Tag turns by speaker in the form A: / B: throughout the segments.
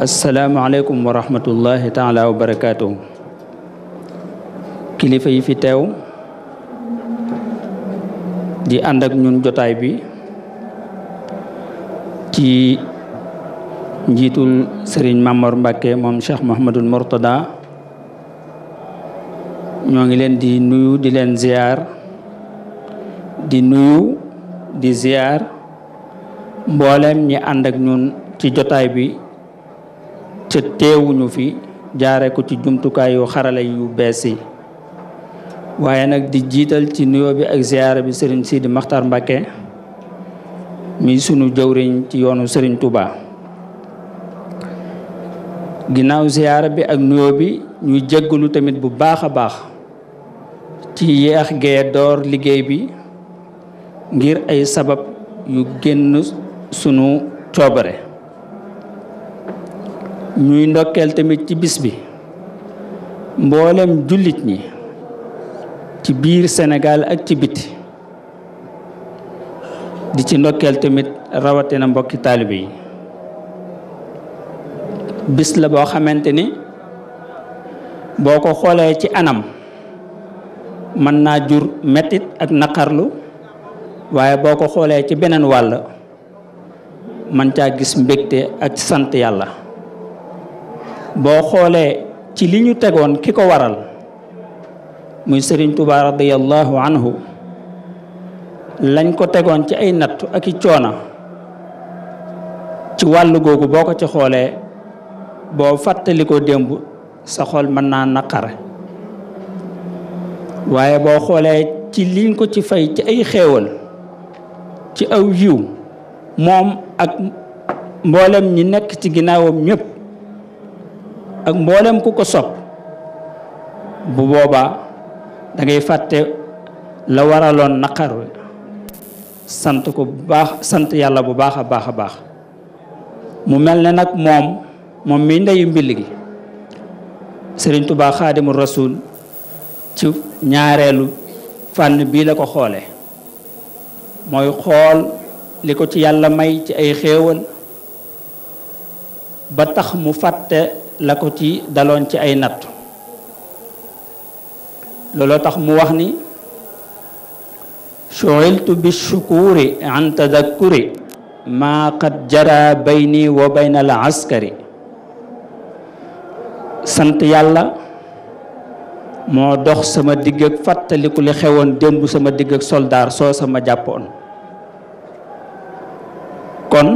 A: Assalamualaikum warahmatullahi taala wabarakatuh barakaatu kilifa yi fi teew di ànd ak ñun jotaay bi ci njiitul sëriñ Mamor Mbàkke moom Cheikh Mouhamadul Mourtada ñoo ngi di nuyu di lenziar, ziar di nuyu di ziar mboolem ñi ànd ak ñun ci bi ca teewuñu fi jaare ko ci jumtukaay yu xarala yu bees yi waaye nag di jiital ci nuyoo bi ak ziyaara bi sëriñ Sidi Maxtar Mbàkke mi sunu jëwriñ ci yoonu sëriñ Touba ginnaaw ziyaara bi ak nuyoo bi ñuy jéggalu tamit bu baax a baax ci yeex gee door liggéey bi ngir ay sabab yu génn sunu coobare ñuy ndokkeel tamit ci bis bi mboolem jullit ñi ci biir Sénégal ak ci biti di ci ndokkeel tamit rawatina mbokki taalibe yi bis la boo xamante ni boo ko xoolee ci anam mën naa jur mettit ak naqarlu waaye boo ko xoolee ci beneen wàll man caa gis mbégte ak sant yàlla boo xoolee ci li ñu tegoon ki ko waral muy sëriñ Tuubaa radiyallahu anhu lañ ko tegoon ci ay nattu aki coona ci wàllu googu boo ko ci xoolee boo fàttali ko démb sa xol mën naa naqare waaye boo xoolee ci liñ ko ci fay ci ay xéewal ci aw yiw moom ak mboolem ñi nekk ci ginnaawam ñëpp ak mboolem ku ko sopp bu boobaa dangay fàtte la waraloon naqar wi sant yàlla bu baax a baax a baax mu mel ne nag moom moom mi ndeyu mbill gi Sëriñ Tuubaa Xaadimu Rasuul ci ñaareelu fànn bii la ko xoole mooy xool li ko ci yàlla may ci ay xéewal ba tax mu fàtte la ko ci daloon ci ay natt looloo tax mu wax ni shughiltu bi shukuri an tadakkuri ma qad jara bayni wa bayna askari sant yàlla moo dox sama digg ak fàttaliku li xewoon démb sama digg ak soldaar soo sama jàppoon kon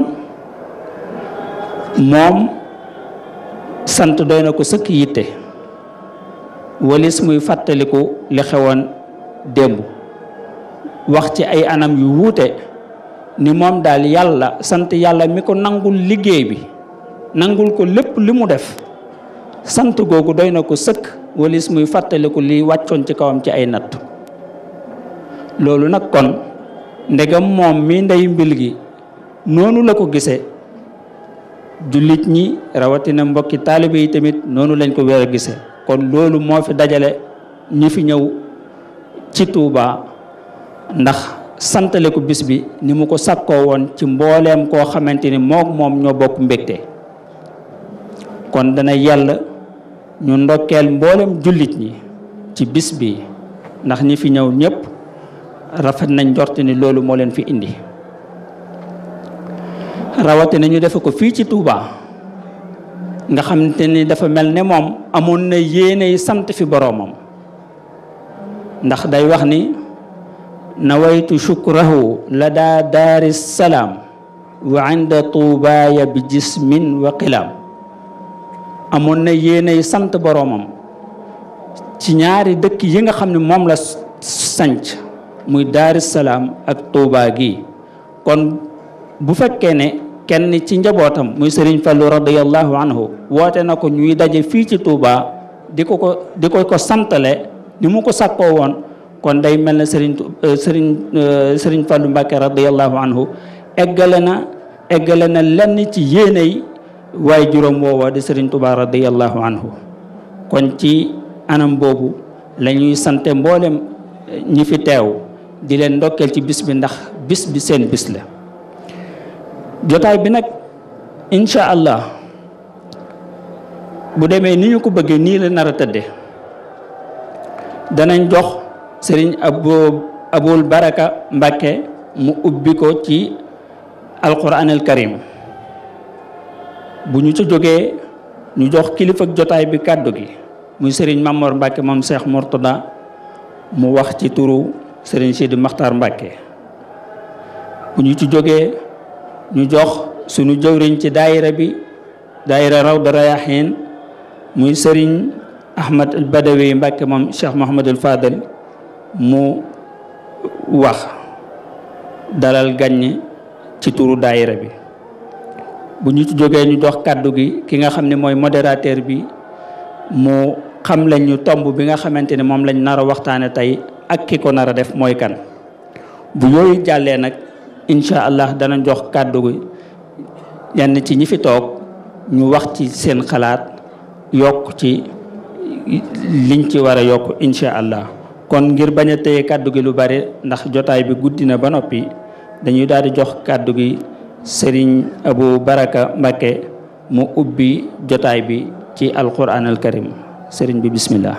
A: moom sant doy na ko sëkk yitte walis muy fàttaliku li xewoon démb wax ci ay anam yu wuute ni moom daal yàlla sant yàlla mi ko nangul liggéey bi nangul ko lépp li mu def sant googu doy na ko sëkk walis muy fàttaliku li wàccoon ci kawam ci ay natt loolu nag kon ndegam moom mi ndey mbil gi noonu la ko gisee jullit ñi rawati mbokki taalibe yi tamit nonu lañ ko wéra a kon lolu mo fi dajale ñi fi ñew ci Touba ndax santalé ko bis bi ni mu ko sakko won ci mbolém ko xamanteni mok mom ño bokk mbékté kon dana yalla ñu ndokkel mbolém jullit ñi ci bis bi ndax ñi fi ñew ñëpp rafet nañ jortini lolu mo fi indi rawati nañu def ko fi ci Touba nga xamanteni dafa melne mom moom na sant fi boromam ndax day wax ni nawaitu shukrahu lada daris salam wa inda ya bi jismin wa qilam amoon na yéeney sant boroomam ci ñaari dëkk yi nga xam mom la sanc muy daris salam ak touba gi kon bu fekke ne kenn ci njabootam muy Serigne Fallou radiyallahu anhu woote na ko ñuy daje fii ci Touba di ko ko di ko ko santale ni mu ko sakkoo woon kon day mel ne Serigne euh, Serigne euh, Serigne Fallou Mbacké radiyallahu anhu eggale na eggale na lenn ci yéene waaye juróom woowa di Serigne Touba radiyallahu anhu kon ci anam boobu la ñuy sante mboolem ñi fi teew di leen ndokkeel ci bis bi ndax bis bi seen bis la jotaay bi nag incha allah bu demee ni ñu ko bëggee nii la nar a tëdde danañ jox sëriñ abo abul baraka mbàkke mu ubbi ko ci alquran al karim bu ñu ci jógee ñu jox kilifa jotaay bi kàddu gi muy sëriñ Mamor Mbàkke moom Cheikh Mourtada mu wax ci turu sëriñ Sidi Maxtaar Mbàkke bu ñu ci jógee ñu jox suñu jëwriñ ci daayira bi daayira Rawdu Rayaahiin muy sëriñ Ahmad al Badawi Mbàkke moom Cheikh Mouhamadul Fadal mu wax dalal gàññ ci turu daayira bi bu ñu ci jógee ñu jox kàddu gi ki nga xam ne mooy modérateur bi mu xam lañ ñu tomb bi nga xamante ne moom lañ nar a waxtaane tey ak ki ko nar a def mooy kan bu yooyu jàllee nag incha allah dana jox kàddu gi yenn ci ñi fi toog ñu wax ci seen xalaat yokk ci liñ ci war yokk incha allah kon ngir bañ a téye kàddu gi lu bari ndax jotaay bi guddi na ba noppi dañuy daal di jox kàddu gi sëriñ Abu Baraka Mbakke mu ubbi jotaay bi ci alquran al karim sëriñ bi bismillah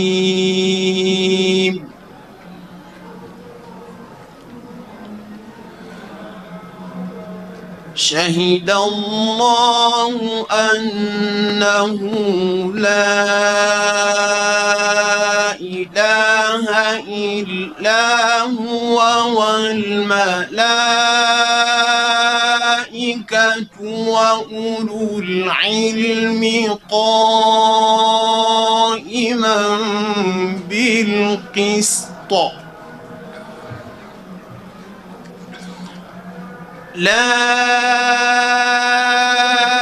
B: شهد الله أنه لا إله إلا هو والملائكة وأولو العلم قائما بالقسط لا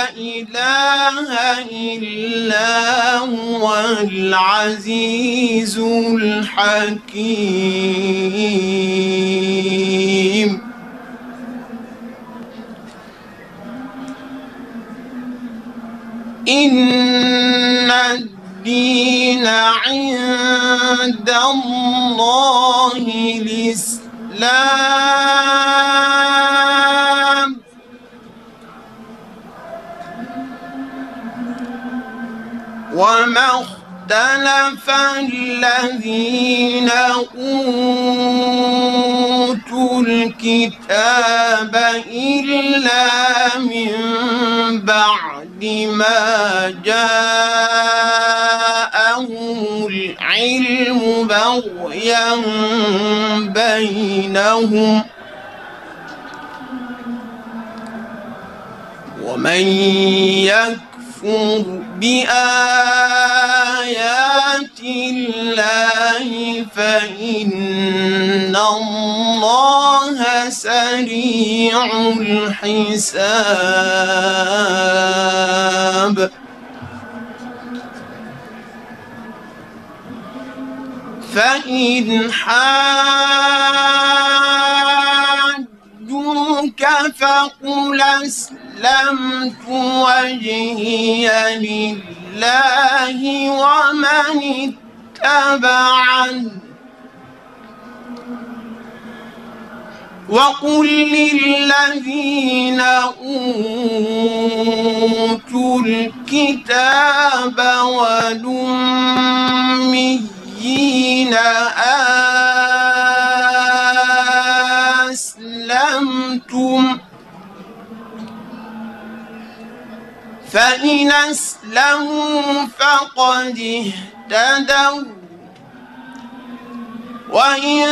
B: إله إلا هو العزيز الحكيم إن الدين عند الله الإسلام وما اختلف الذين أوتوا الكتاب إلا من بعد ما جاءهم العلم بغيا بينهم ومن يكفر بآيات الله فإن الله سريع الحساب فإن حاب ربك فقل أسلمت وجهي لله ومن اتبعني وقل للذين أوتوا الكتاب والأميين آمنوا فإن اسلموا فقد اهتدوا وإن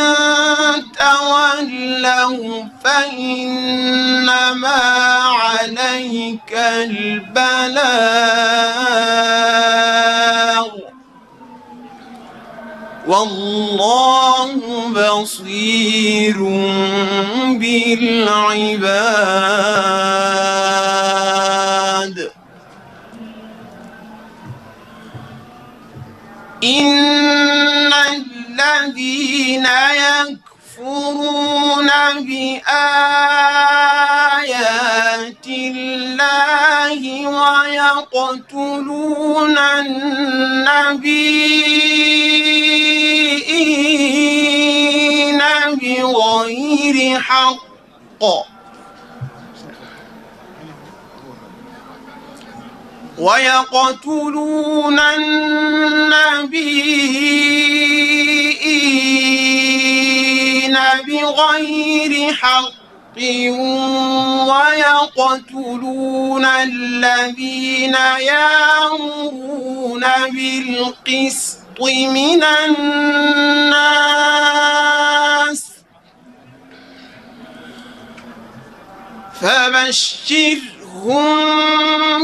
B: تولوا فإنما عليك البلاغ والله بصير بالعباد إن الذين يكفرون بآيات الله ويقتلون النبيين بغير حق ويقتلون النبيين بغير حق ويقتلون الذين يامرون بالقسط من الناس فبشرهم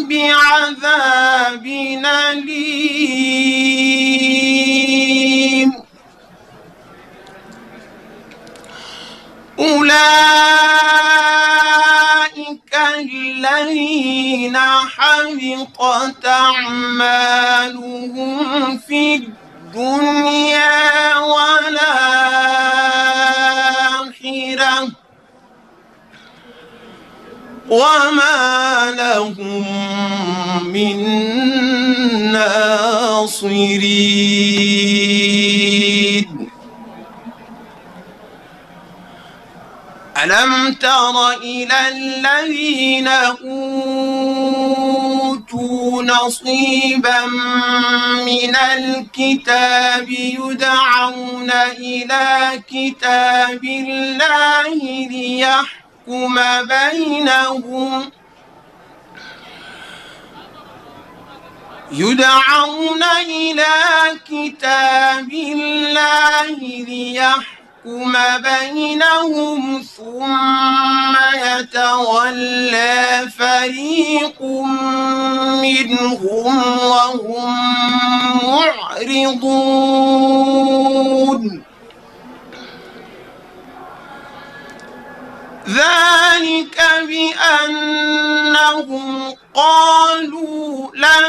B: بعذاب أليم أولئك الذين حبقت أعمالهم في الدنيا والآخرة وما لهم من ناصرين ألم تر إلى الذين أوتوا نصيبا من الكتاب يدعون إلى كتاب الله ليحكم بينهم يدعون إلى كتاب الله ليحكم يحكم بينهم ثم يتولى فريق منهم وهم معرضون ذلك بأنهم قالوا لن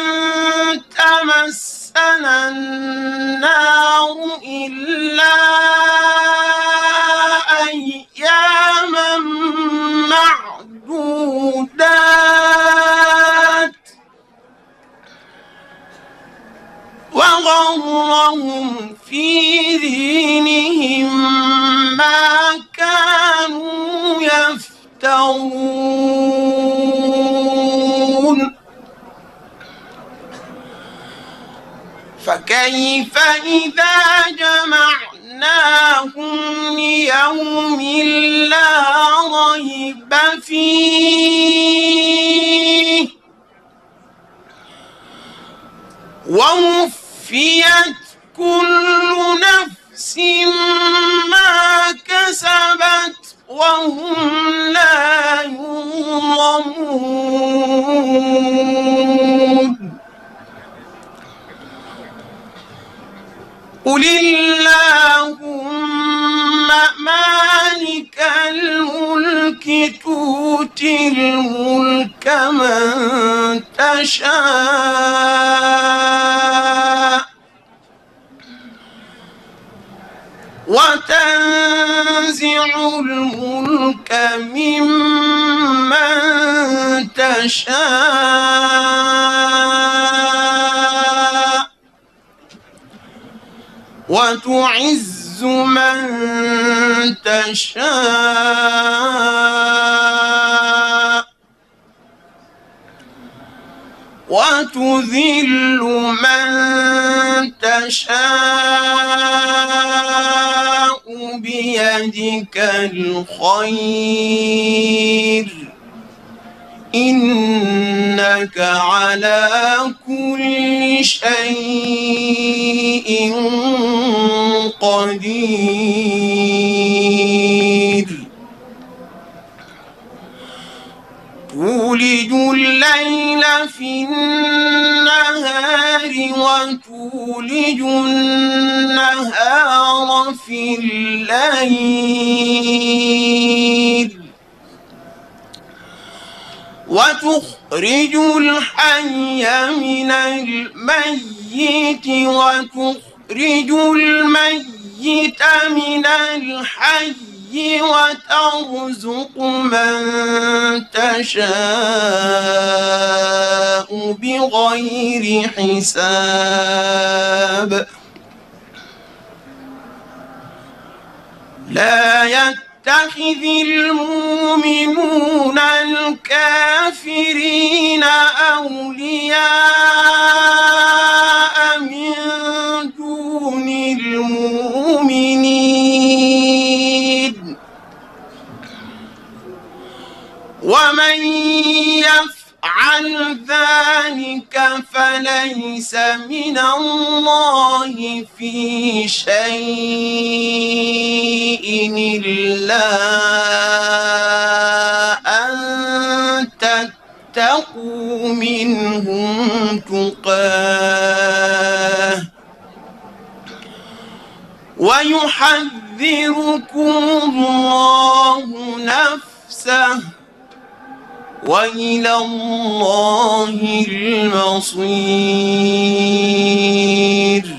B: تمس مسنا النار إلا أياما معدودات وغرهم في دينهم ما كانوا يفترون فكيف إذا جمعناهم ليوم لا ريب فيه ووفيت كل نفس ما كسبت وهم لا يظلمون قل اللهم مالك الملك تؤتي الملك من تشاء وتنزع الملك ممن تشاء وتعز من تشاء وتذل من تشاء بيدك الخير إن إنك على كل شيء قدير تولج الليل في النهار وتولج النهار في الليل وتخرج الحي من الميت وتخرج الميت من الحي وترزق من تشاء بغير حساب لا يت يتخذ المؤمنون الكافرين أولياء من دون المؤمنين ومن يفعل عن ذلك فليس من الله في شيء إلا أن تتقوا منهم تقاه ويحذركم الله نفسه وإلى الله المصير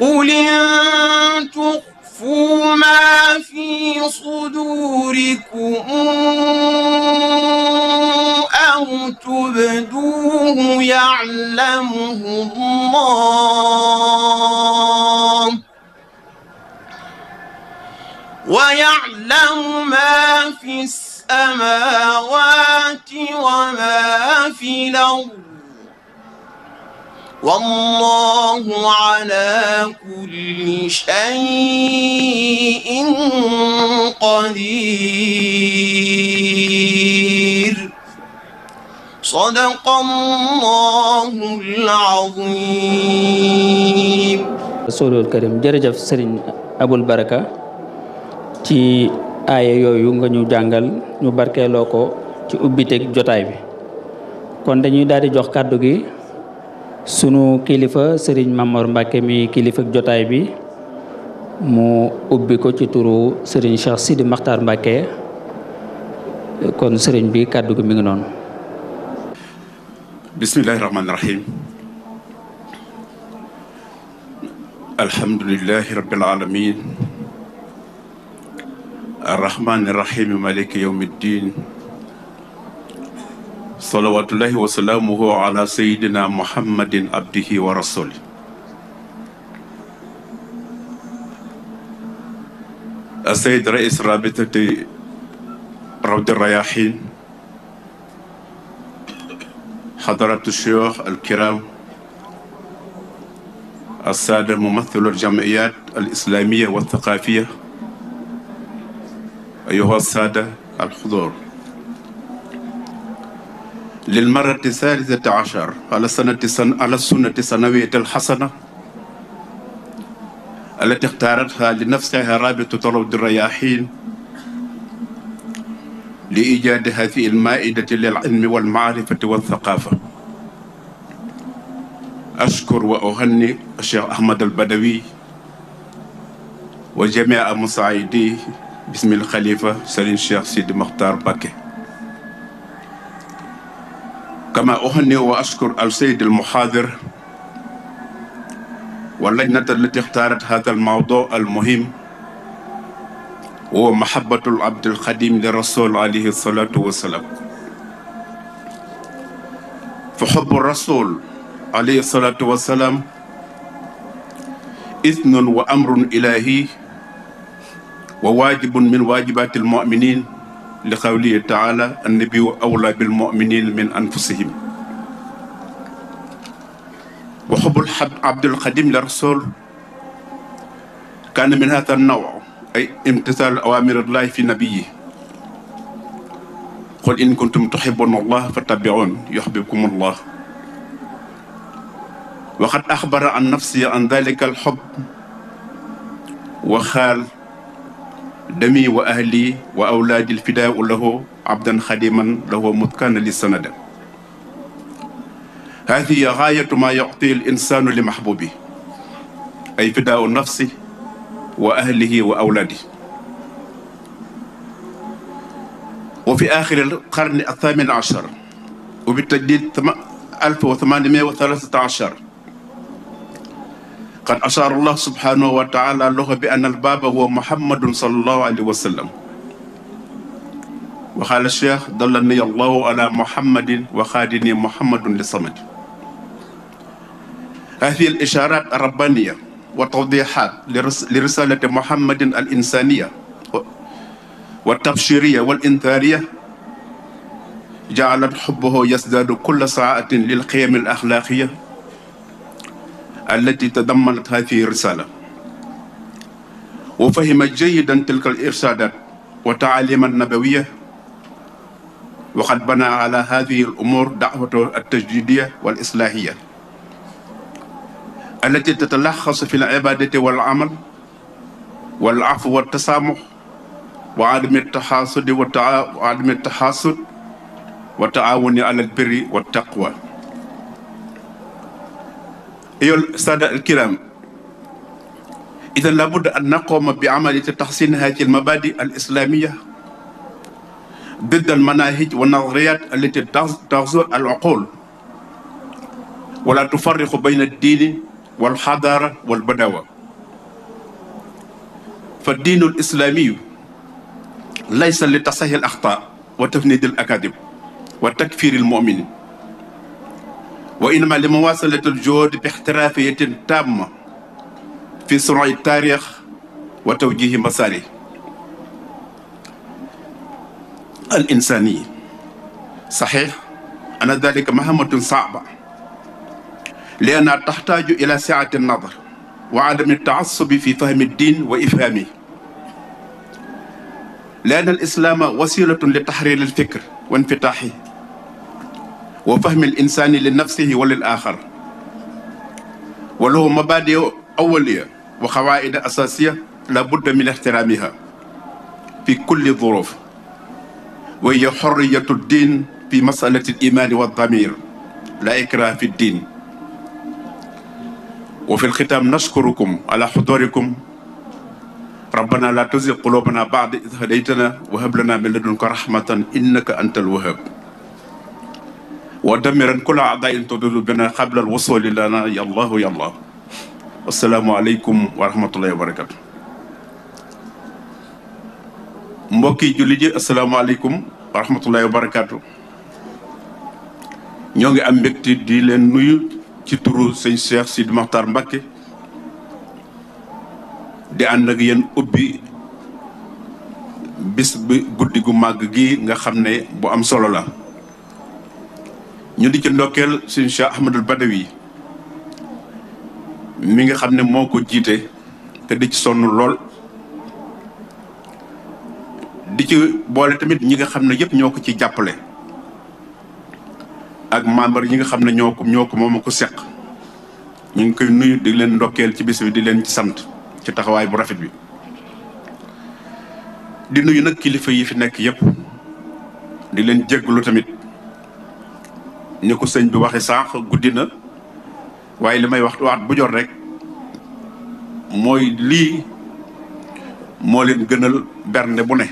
B: قل إن تخفوا ما في صدوركم أو تبدوه يعلمه الله ويعلم ما في السماوات وما في الأرض والله على كل شيء قدير
A: صدق الله العظيم رسول الكريم جرجف سرين أبو البركة ci aaya yoyu nga ñu jangal ñu barké loko ci ubbiteeg jotay bi kon dañuy daali jox kaddu gi sunu kilifa serigne Mamor mbake mi kilifa jotay bi mu ubbi ko ci turu serigne Cheikh Sidi Makhtar mbake kon serigne bi kaddu gi mi ngi non bismillahirrahmanirrahim
C: alhamdulillahi rabbil alamin الرحمن الرحيم مالك يوم الدين صلوات الله وسلامه على سيدنا محمد عبده ورسوله السيد رئيس رابطة روض الرياحين حضرات الشيوخ الكرام السادة ممثل الجمعيات الإسلامية والثقافية أيها السادة الحضور للمرة الثالثة عشر على السنة على السنة السنوية الحسنة التي اختارتها لنفسها رابطة طرد الرياحين لإيجاد هذه المائدة للعلم والمعرفة والثقافة أشكر وأهنئ الشيخ أحمد البدوي وجميع مساعديه بسم الخليفة سليم الشيخ سيد مختار باكي كما أهني وأشكر السيد المحاضر واللجنة التي اختارت هذا الموضوع المهم هو محبة العبد الخديم للرسول عليه الصلاة والسلام فحب الرسول عليه الصلاة والسلام إذن وأمر إلهي وواجب من واجبات المؤمنين لقوله تعالى النبي أولى بالمؤمنين من أنفسهم وحب الحب عبد القديم للرسول كان من هذا النوع أي امتثال أوامر الله في نبيه قل إن كنتم تحبون الله فاتبعون يحببكم الله وقد أخبر عن نفسه عن ذلك الحب وخال دمي وأهلي وأولادي الفداء له عبدا خديما له متكان للسند هذه غاية ما يعطي الإنسان لمحبوبه أي فداء نفسه وأهله وأولاده وفي آخر القرن الثامن عشر وبالتجديد 1813 قد أشار الله سبحانه وتعالى له بأن الباب هو محمد صلى الله عليه وسلم وقال الشيخ دلني الله على محمد وخادني محمد لصمد هذه الإشارات الربانية وتوضيحات لرسالة محمد الإنسانية والتبشيرية والإنذارية جعلت حبه يزداد كل ساعة للقيم الأخلاقية التي تضمنت هذه الرسالة وفهم جيدا تلك الإرشادات وتعاليم النبوية وقد بنى على هذه الأمور دعوته التجديدية والإصلاحية التي تتلخص في العبادة والعمل والعفو والتسامح وعدم التحاسد وعدم التحاسد والتعاون على البر والتقوى أيها السادة الكرام إذا لابد أن نقوم بعملية تحسين هذه المبادئ الإسلامية ضد المناهج والنظريات التي تغزو العقول ولا تفرق بين الدين والحضارة والبداوة فالدين الإسلامي ليس لتصحيح الأخطاء وتفنيد الأكاذيب وتكفير المؤمنين وإنما لمواصلة الجهود باحترافية تامة في صنع التاريخ وتوجيه مساره الإنساني صحيح أن ذلك مهمة صعبة لأنها تحتاج إلى سعة النظر وعدم التعصب في فهم الدين وإفهامه لأن الإسلام وسيلة لتحرير الفكر وانفتاحه وفهم الإنسان لنفسه وللآخر وله مبادئ أولية وقواعد أساسية لابد من احترامها في كل الظروف وهي حرية الدين في مسألة الإيمان والضمير لا إكراه في الدين وفي الختام نشكركم على حضوركم ربنا لا تزغ قلوبنا بعد إذ هديتنا وهب لنا من لدنك رحمة إنك أنت الوهاب ودمرا كل اعضاء بنا قبل الوصول لنا يا الله يا الله السلام عليكم ورحمه الله وبركاته مبكي جوليجي السلام عليكم ورحمه الله وبركاته نيوغي ام بكتي دي لن نويو سي سي شيخ سيد مختار مبكي دي اندك يين اوبي بس بي غودي غو ماغ غي nga xamne bu am solo ñu di ci ndokkeel suñu Cheikh Ahmadul Badawi mi nga xam ne moo ko jiite te di ci sonn lool di ci boole tamit ñi nga xam ne yëpp ñoo ko ci jàppale ak membre yi nga xam ne ñoo ko ñoo ko moom a ko seq ñu ngi koy nuyu di leen ndokkeel ci bis bi di leen ci sant ci taxawaay bu rafet bi di nuyu nag kilifa yi fi nekk yépp di leen jégglu tamit ni ko sëñ bi waxe sànq guddi na waaye li may wax waat bu jot rek mooy lii moo leen gënal bernde bu ne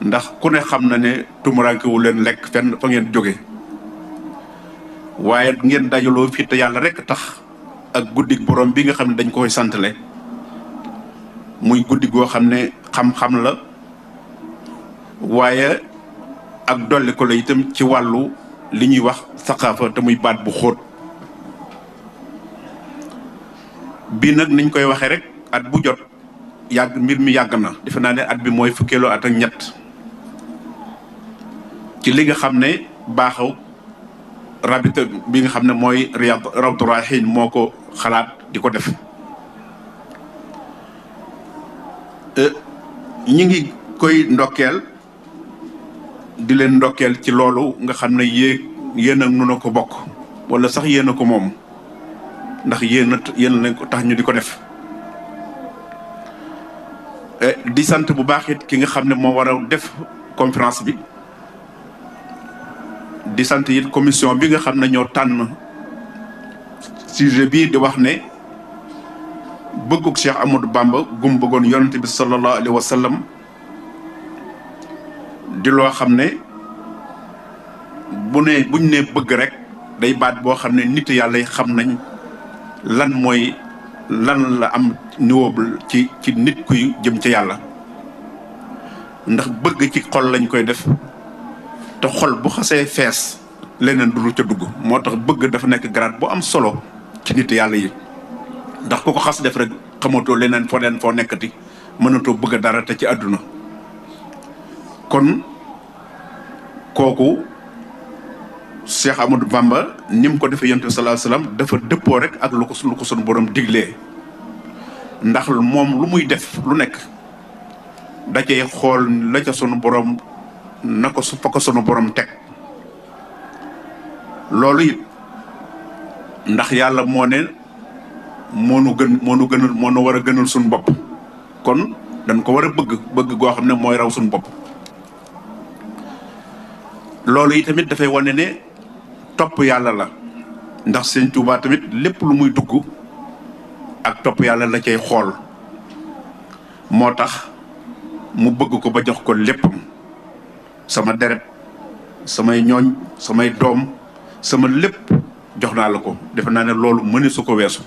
C: ndax ku ne xam na ne tumuraankewu leen lekk fenn fa ngeen jóge waaye ngeen dajaloo fii te yàlla rek tax ak guddi boroom bi nga xam ne dañ koy santale muy guddi goo xam ne xam-xam la waaye ak dolli ko la itam ci wàllu li ñuy wax saqaafa te muy baat bu xóot bii nag niñ koy waxee rek at bu jot yàgg mbir mi yàgg na defe naa ne at bi mooy fukkeeloo at ak ñett ci li nga xam ne baaxaw rabita bi nga xam ne mooy riyaad rawdu moo ko xalaat di ko def euh, ñi ngi koy ndokkeel di leen ndokkeel ci loolu nga xam ne yéeg yéen ak ko bokk wala sax yéen ko moom ndax yéen yéen lañ ko tax ñu di ko def eh, di sant bu baax it ki nga xam ne moo war def conférence bi di sant it commission bi nga xam ne ñoo tànn sujet bii di wax ne bëggug Cheikh Amadou Bamba gum bëggoon yonent bi sallallahu alayhi wa sallam di lo xamne ne bu ne buñ ne bëgg rek day baat bo xamne ne yalla yàlla xam nañ lan moy lan la am niwobul ci ci nit kuy jëm ci yalla ndax bëgg ci xol lañ koy def te xol bu xasse fess leneen du ca dugg motax bëgg dafa nek grade bu am solo ci nitu yalla yi ndax ku ko def rek xamoto leneen fo len fo nekati mënato bëgg dara te ci aduna kon koku cheikh amadou bamba nim ko defé yentou sallallahu alayhi wasallam dafa deppo rek ak lu ko sun borom diglé ndax mom lu muy def lu nek da cey xol la ca sun borom nako su fako sun borom tek lolou yit ndax yalla mo ne monu gën monu gënal monu wara gënal sun bop kon dan ko wara bëgg bëgg go xamne moy raw sun bop loolu yi tamit dafay wane ne topp yàlla la ndax sëñ Tuubaa tamit lépp lu muy dugg ak topp yàlla la cay xool moo tax mu bëgg ko ba jox ko léppam sama deret samay ñooñ samay doom sama lépp jox naa la ko defe naa ne loolu mëne su ko weesu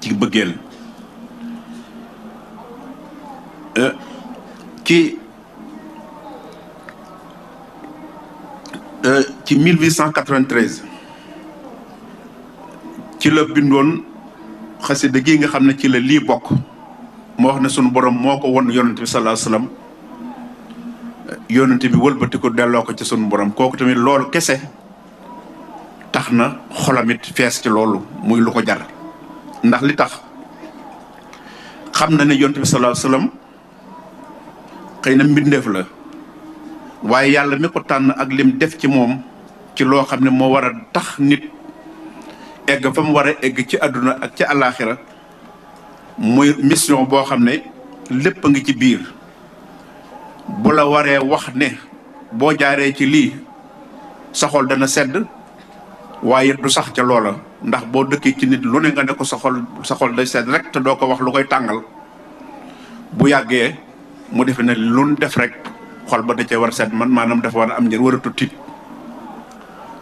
C: ci bëggeel euh, ci Euh, ci 1893 ci la bindoon xasida gi nga xam ne ci la lii bokk moo wax ne sunu borom moo ko won yonent bi sallallahu alayhi wasallam yonent bi wëlbati delloo ko ci sunu borom kooku tamit lool kese tax na xolamit fees ci loolu muy lu ko jar ndax li tax xam na ne yonent bi sallallahu alayhi wasallam xëy na mbindeef la waaye yàlla mi ko tànn ak lim def ci moom ci loo xam ne moo war a tax nit egg fa mu war a egg ci àdduna ak ci àllaaxira muy mission boo xam ne lépp ci biir bu la waree wax ne boo jaaree ci lii sa dana sedd waaye du sax ca loola ndax boo dëkkee ci nit lu ne nga ne ko sa xol sa xol day sedd rek te doo ko wax lu koy tàngal bu yàggee mu defe ne lu def rek xol ba da ca war set man maanam dafa war a am njër war a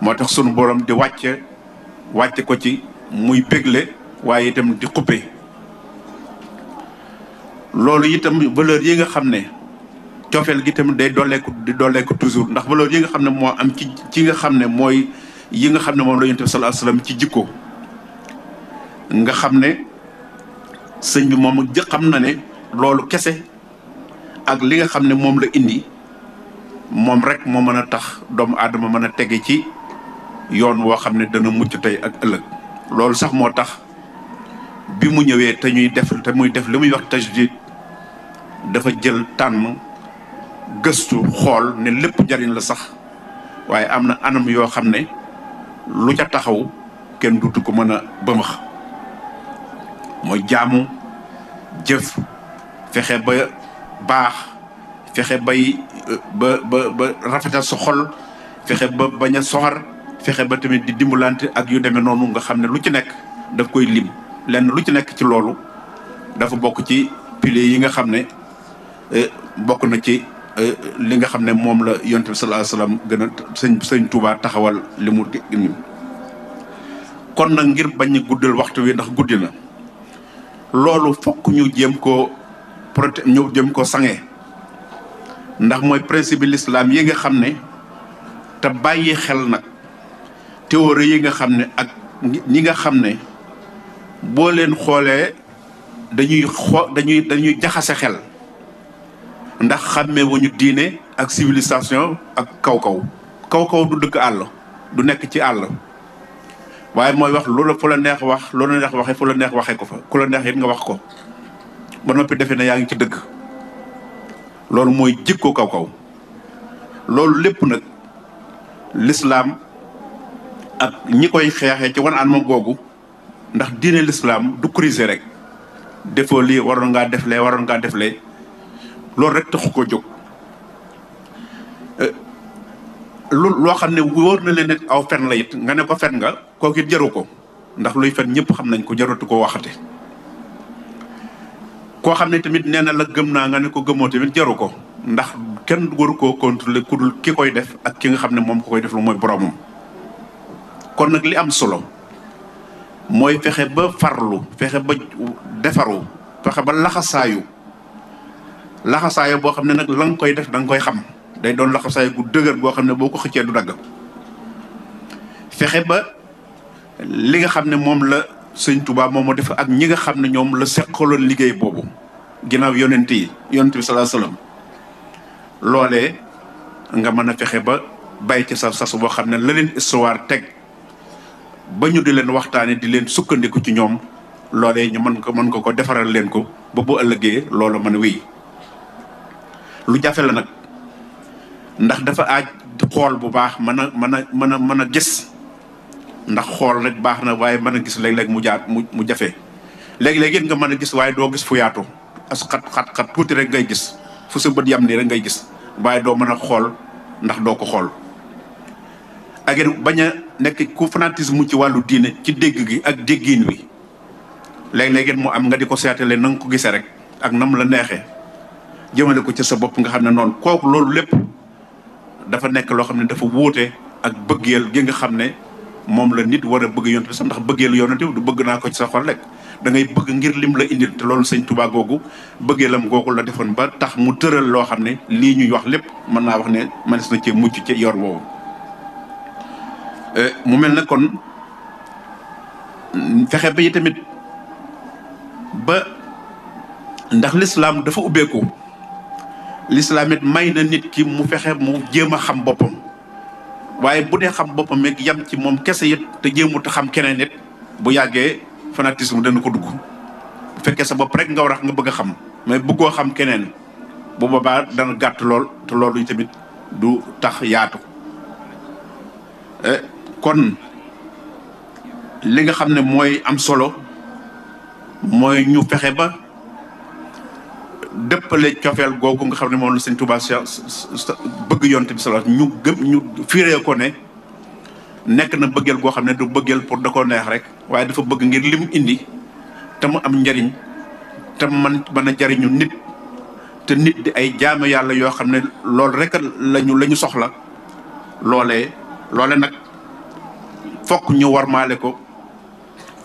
C: moo tax sunu borom di wàcce wàcce ko ci muy bégle waaye itam di xuppe loolu itam valeur yi nga xam ne coofeel gi tam de dooleeku di dooleeku toujours ndax valeur yi nga xam ne moo am ci ci nga xam ne mooy yi nga xam ne moom la yonent bi sallallahu ci jikko nga xam ne sëñ bi moom jë na ne loolu kese ak li nga xam ne moom la indi moom rek moo mën a tax doomu aadama mën a tege ci yoon woo xam ne dana mucc tey ak ëllëg loolu sax moo tax bi mu ñëwee te ñuy def te muy def li muy wax tajdid dafa jël tànn gëstu xool ne lépp jariñ la sax waaye am na anam yoo xam ne lu ca taxaw kenn dutu ko mën a bëmax mooy jaamu jëf fexe ba baax fexe bay ba ba ba rafetal sa xol fexe ba bañ a soxar fexe ba tamit di dimbalante ak yu demee noonu nga xam ne lu ci nekk daf koy lim lenn lu ci nekk ci loolu dafa bokk ci piliers yi nga xam ne eh, bokk na ci eh, li nga xam ne moom la yonte bi sallallahu alayhi wasallam sëñ sëñ taxawal li mu kon nag ngir bañ guddal waxtu wi ndax guddi na loolu fokk ñu jéem koo proté ñu jéem koo sange ndax moy principe l'islam yi nga xamne ne te bayyi xel nak théorie yi nga xamne ne ak ñi nga xamne bo len xolé dañuy dañuy dañuy jaxase xel ndax xamé wuñu diiné ak civilisation ak kaw kaw kaw kaw du dëkk Allah du nekk ci Allah waye moy wax loolu fu la neex wax loolu neex waxe fu la neex waxe ko fa ku la neex it nga wax ko ba nopi defé na yaangi ci dëkk loolu mooy jikko kaw kaw loolu lépp nag lislaam ak ñi koy xeexee ci wan an googu ndax dine lislaam du crise rek defoo lii waroon ngaa def lee waroon ngaa def lee loolu rek taxu ko jóg eh, lu loo xam ne wóor na leen ne aw fen la it nga ne ko fen nga kooku it jaru ko ndax luy fen ñëpp xam nañ ko jaratu ko waxate koo xam ne tamit nee na la gëm naa nga ne ko gëmoo tamit jaru ko ndax kenn waru koo contrôler ku dul ki koy def ak ki nga xam ne moom ko koy def lu mooy nag li am solo mooy fexe ba farlu fexe ba defaru fexe ba laxasaayu laxasaayu boo xam ne nag la nga koy def da nga koy xam day doon laxasaayu gu dëgër boo xam ne boo ko xëccee du dagg fexe ba li nga xam ne moom la sëñ tubaab moom moo def ak ñi nga xam ne ñoom la seqaloon liggéey boobu ginnaaw yonent yi yonent bi salaa salaam loolee nga mën a fexe ba bàyyi ci sa sas boo xam ne la leen histoire teg ba ñu di leen waxtaane di leen sukkandiku ci ñoom loolee ñu mën ko mën ko ko defaral leen ko ba bu ëllëgee loolu mën wéy lu jafe la nag ndax dafa aaj xool bu baax mën a mën a mën a mën a gis ndax xool rek baax na waaye mën a gis léeg-léeg mu jaat mu mu jafe léegi-léegi nga mën a gis waaye doo gis fu yaatu as xat xat xat tuuti rek ngay gis fu sa bët yam nii rek ngay gis waaye doo mën a xool ndax doo ko xool ak bañ a nekk ku fanatisme ci wàllu diine ci dégg gi ak déggiin wi léeg-léeg it mu am nga di ko seetale na nga ko gisee rek ak nam la neexee jëmale ko ci sa bopp nga xam ne noonu kook loolu lépp dafa nekk loo xam ne dafa wuute ak bëggeel gi nga xam ne moom la nit war a bëgg yonent sax ndax bëggee lu yonent du bëgg naa ko ci sa xol rek da bëgg ngir lim la indil te loolu sëñ Tuubaa googu bëggee lam googu la defoon ba tax mu tëral loo xam ne lii ñuy wax lépp mën naa wax ne manes na cee mucc ci yor woowu eh, mu mel na kon fexe ba yi tamit ba ndax lislaam dafa ubbeeku lislaam it may na nit ki mu fexe mu jéem a xam boppam waaye bu dee xam boppam meeg yam ci moom kese it te jéemut a xam keneen it bu yàggee fanatisme dana ko dugg bu fekkee sa bopp rek nga war nga bëgg a xam mais bëggoo xam keneen bu boobaa dana gàtt lool te loolu tamit du tax yaatu eh, kon li nga xam ne mooy am solo mooy ñu fexe ba dëppale ciofel googu nga xamne ne moom la sëñ Touba beug yonte bi salat ñu gëm ñu firé ko ne nek na bëggeel go xamne ne du bëggeel pour da ko neex rek waye dafa bëgg ngir lim indi te mu am njariñ te man mën jariñu nit te nit di ay jaamu yalla yo xamne ne rek lañu lañu soxla lolé lolé nak fokk ñu warmaale ko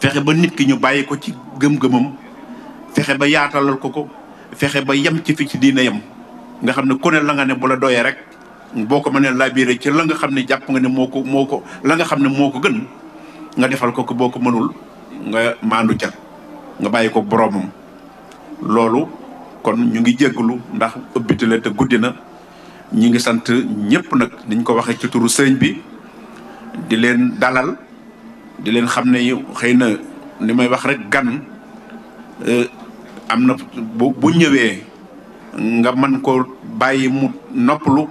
C: fexé ba nit ki ñu bayiko ko ci gëm gëmum fexé ba yaatalal ko ko fexe ba yem ci fi ci diine yem nga xam ne ku ne la nga ne bu la doyee rek boo ko mënee labiré ci la nga xam ne jàpp nga ne moo ko moo ko la nga xam ne moo ko gën nga defal ko ko boo ko mënul nga maandu ca nga bàyyi ko boroomam loolu kon ñu ngi jégalu ndax ëbbite la te guddi na ñu ngi sant ñëpp nag niñ ko waxee ci turu sëriñ bi di leen dalal di leen xam ne xëy na li may wax rek gan euh, am na bu bu ñëwee nga mën ko bàyyi mu noppalu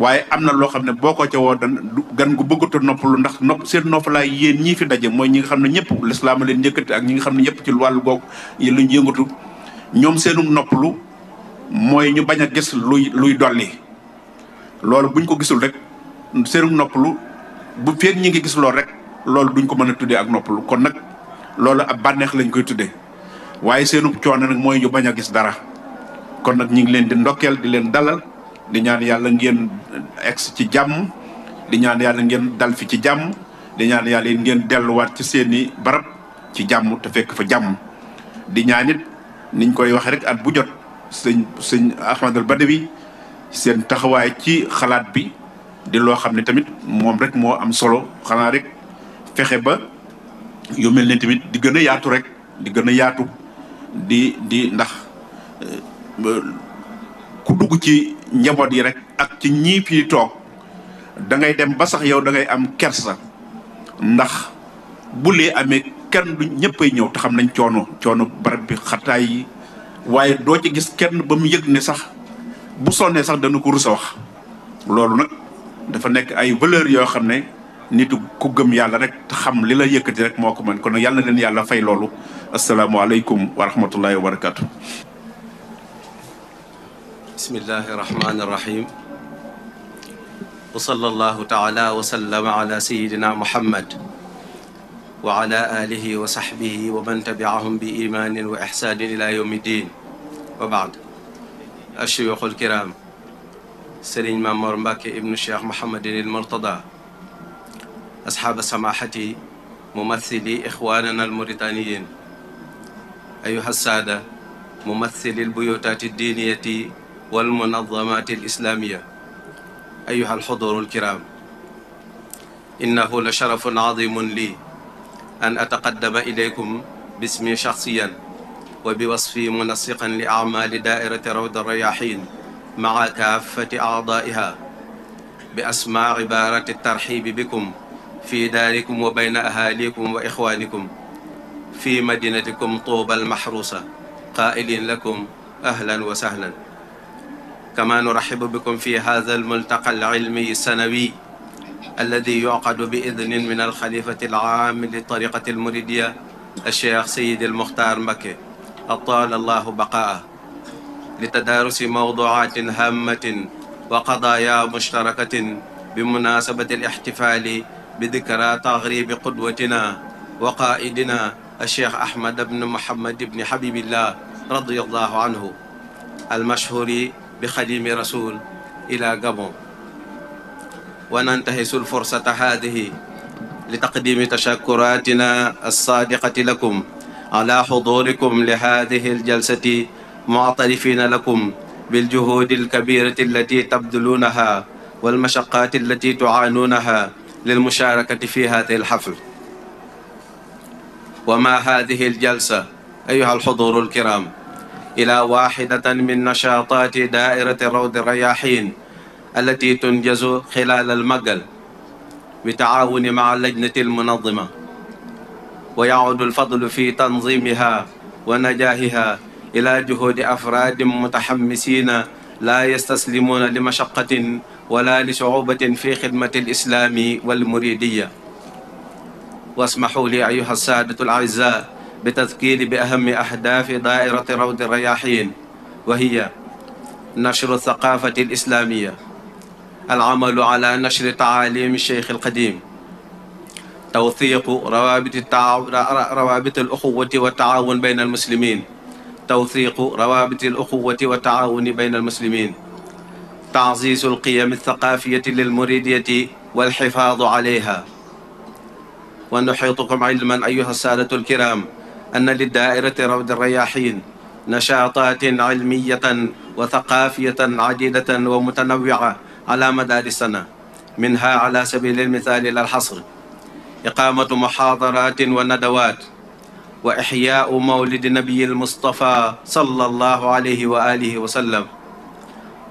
C: waaye am na loo xam ne boo ko ca woo dan gan gu bëggatu noppalu ndax nopp seen noppalaay yéen ñii fi daje mooy ñi nga xam ne ñëpp lislaama leen njëkkati ak ñi nga xam ne ñëpp ci wàllu googu lu ñu yëngatu ñoom seenu noppalu mooy ñu bañ a gis luy luy dolli loolu buñ ko gisul rek seenu noppalu bu feeg ñi ngi gis loolu rek loolu duñ ko mën a tuddee ak noppalu kon nag loolu ab bànneex lañ koy tuddee waye seenu cion nak moy ñu baña gis dara kon nak ñu ngi leen di ndokkeel di leen dalal di ñaan yalla ngeen ex ci jamm di ñaan yalla ngeen dal fi ci jamm di ñaan yalla ngeen wat ci seeni barab ci jamm te fekk fa jamm di ñaanit niñ koy wax rek at bu jot sëñ sëñ ahmadul badawi seen taxaway ci xalaat bi di lo xam tamit mom rek moo am solo xana rek fexe ba yu melni tamit di gëna yaatu rek di gëna yaatu di di ndax eh, ku dugg ci njaboot yi rek ak ci ñii fii toog da ngay dem ba sax yow dangay ngay am kersa ndax bu lee amee kenn du ñëppay ñëw te xam nañ coono coono barab bi xataay waaye doo ci gis kenn ba mu yëg ne sax bu sonnee sax dana ko rus loolu nag dafa nekk ay valeur yoo xam ne nitu ku gëm yàlla rek te xam li la yëkkati rek moo ko mën kon yàlla leen yàlla fay loolu asalaamualeykum wa rahmatullahi wa barakatu
D: bismillahi rahmani rahim وصلى الله تعالى وسلم على سيدنا محمد وعلى آله وصحبه ومن تبعهم بإيمان وإحسان إلى يوم الدين وبعد الشيوخ الكرام سرين مامور مباكي ابن الشيخ محمد المرتضى أصحاب سماحتي ممثلي إخواننا الموريتانيين أيها السادة ممثلي البيوتات الدينية والمنظمات الإسلامية أيها الحضور الكرام إنه لشرف عظيم لي أن أتقدم إليكم باسمي شخصيا وبوصفي منسقا لأعمال دائرة روض الرياحين مع كافة أعضائها بأسماء عبارة الترحيب بكم في داركم وبين أهاليكم وإخوانكم في مدينتكم طوبى المحروسة قائلين لكم أهلا وسهلا كما نرحب بكم في هذا الملتقى العلمي السنوي الذي يعقد بإذن من الخليفة العام للطريقة المريدية الشيخ سيد المختار مكي أطال الله بقاءه لتدارس موضوعات هامة وقضايا مشتركة بمناسبة الاحتفال بذكرى تغريب قدوتنا وقائدنا الشيخ أحمد بن محمد بن حبيب الله رضي الله عنه المشهور بخديم رسول إلى جابون وننتهز الفرصة هذه لتقديم تشكراتنا الصادقة لكم على حضوركم لهذه الجلسة معترفين لكم بالجهود الكبيرة التي تبذلونها والمشقات التي تعانونها للمشاركة في هذه الحفل وما هذه الجلسة أيها الحضور الكرام إلى واحدة من نشاطات دائرة روض الرياحين التي تنجز خلال المقل بتعاون مع اللجنة المنظمة ويعود الفضل في تنظيمها ونجاحها إلى جهود أفراد متحمسين لا يستسلمون لمشقة ولا لصعوبة في خدمة الإسلام والمريدية واسمحوا لي أيها السادة الأعزاء بتذكير بأهم أهداف دائرة روض الرياحين وهي نشر الثقافة الإسلامية العمل على نشر تعاليم الشيخ القديم توثيق روابط التعاو... روابط الأخوة والتعاون بين المسلمين توثيق روابط الأخوة والتعاون بين المسلمين تعزيز القيم الثقافية للمريدية والحفاظ عليها ونحيطكم علما أيها السادة الكرام أن للدائرة رود الرياحين نشاطات علمية وثقافية عديدة ومتنوعة على مدار السنة منها على سبيل المثال لا الحصر إقامة محاضرات وندوات وإحياء مولد نبي المصطفى صلى الله عليه وآله وسلم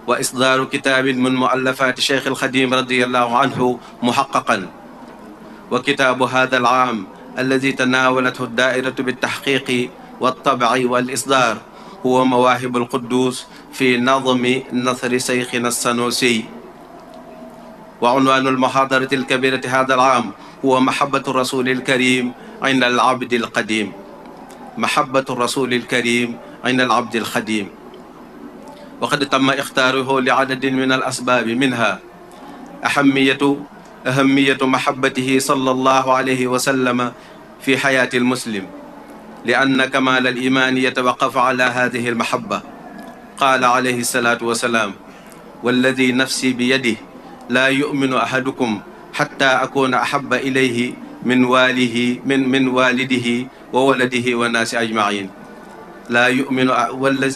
D: وإصدار كتاب من مؤلفات شيخ الخديم رضي الله عنه محققا وكتاب هذا العام الذي تناولته الدائرة بالتحقيق والطبع والإصدار هو مواهب القدوس في نظم نثر شيخنا السنوسي وعنوان المحاضرة الكبيرة هذا العام هو محبة الرسول الكريم عند العبد القديم محبة الرسول الكريم عند العبد القديم وقد تم اختاره لعدد من الأسباب منها أهمية أهمية محبته صلى الله عليه وسلم في حياة المسلم لأن كمال الإيمان يتوقف على هذه المحبة قال عليه الصلاة والسلام والذي نفسي بيده لا يؤمن أحدكم حتى أكون أحب إليه من واله من من والده وولده والناس أجمعين لا يؤمن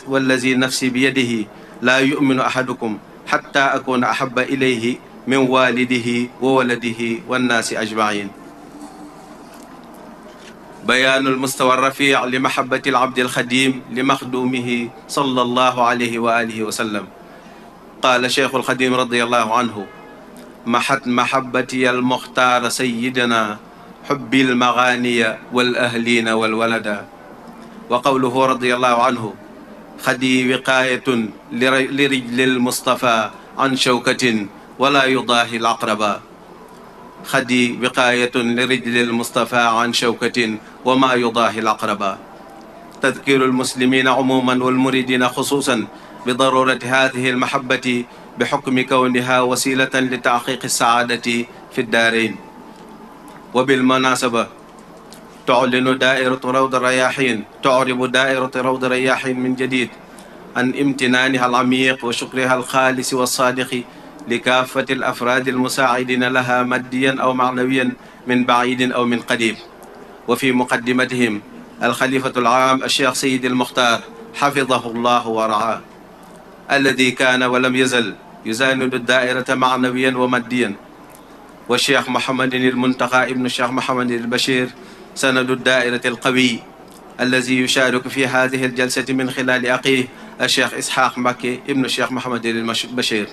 D: والذي نفسي بيده لا يؤمن أحدكم حتى أكون أحب إليه من والده وولده والناس أجمعين بيان المستوى الرفيع لمحبة العبد الخديم لمخدومه صلى الله عليه وآله وسلم قال شيخ الخديم رضي الله عنه محت محبتي المختار سيدنا حب المغاني والأهلين والولدا وقوله رضي الله عنه خدي وقاية لرجل المصطفى عن شوكة ولا يضاهي العقرب خدي وقاية لرجل المصطفى عن شوكة وما يضاهي العقرب تذكير المسلمين عموما والمريدين خصوصا بضرورة هذه المحبة بحكم كونها وسيلة لتحقيق السعادة في الدارين وبالمناسبة تعلن دائرة روض الرياحين تعرب دائرة روض الرياحين من جديد عن امتنانها العميق وشكرها الخالص والصادق لكافة الأفراد المساعدين لها ماديا أو معنويا من بعيد أو من قريب وفي مقدمتهم الخليفة العام الشيخ سيد المختار حفظه الله ورعاه الذي كان ولم يزل يزاند الدائرة معنويا وماديا والشيخ محمد المنتقى ابن الشيخ محمد البشير سند الدائرة القوي الذي يشارك في هذه الجلسة من خلال أخيه الشيخ إسحاق مكي ابن الشيخ محمد البشير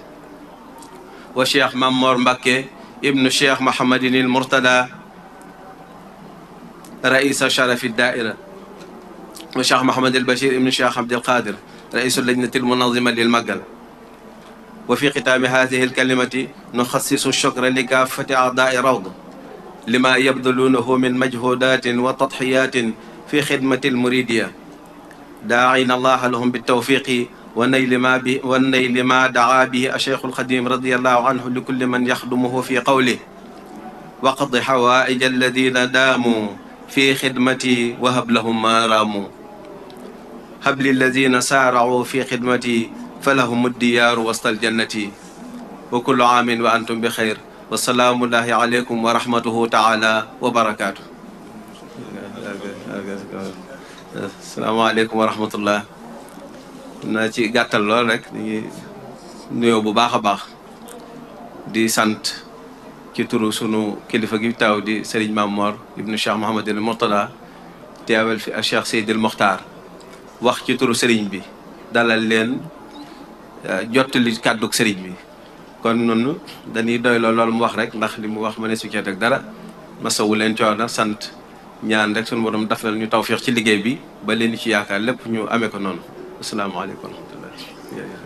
D: والشيخ ممور مكي ابن الشيخ محمد المرتدى رئيس شرف الدائرة والشيخ محمد البشير ابن الشيخ عبد القادر رئيس اللجنة المنظمة للمقل وفي ختام هذه الكلمة نخصص الشكر لكافة أعضاء روضة لما يبذلونه من مجهودات وتضحيات في خدمة المريدية داعين الله لهم بالتوفيق ونيل ما, بي ونيل ما دعا به الشيخ الخديم رضي الله عنه لكل من يخدمه في قوله وقض حوائج الذين داموا في خدمتي وهب لهم ما راموا هب للذين سارعوا في خدمتي فلهم الديار وسط الجنة وكل عام وأنتم بخير والسلام الله عليكم ورحمة الله تعالى وبركاته السلام عليكم ورحمة الله ناتي قتل لك نيو بباخ باخ دي سنت كي ترو سنو كلفة جبتاو دي سريج مامور ابن الشيخ محمد المرتضى تيابل في الشيخ سيد المختار وقت كي ترو سريج بي دلال لين جوتلي كادوك سريج بي kon noonu dañuy doy la loolu mu wax rek ndax li mu wax mëne ne su ak dara masawu leen coono sant ñaan rek sunu borom daf ñu taw tawféex ci liggéey bi ba leen ci yaakaar lépp ñu amee ko noonu asalaamaaleykum wa rahmatulah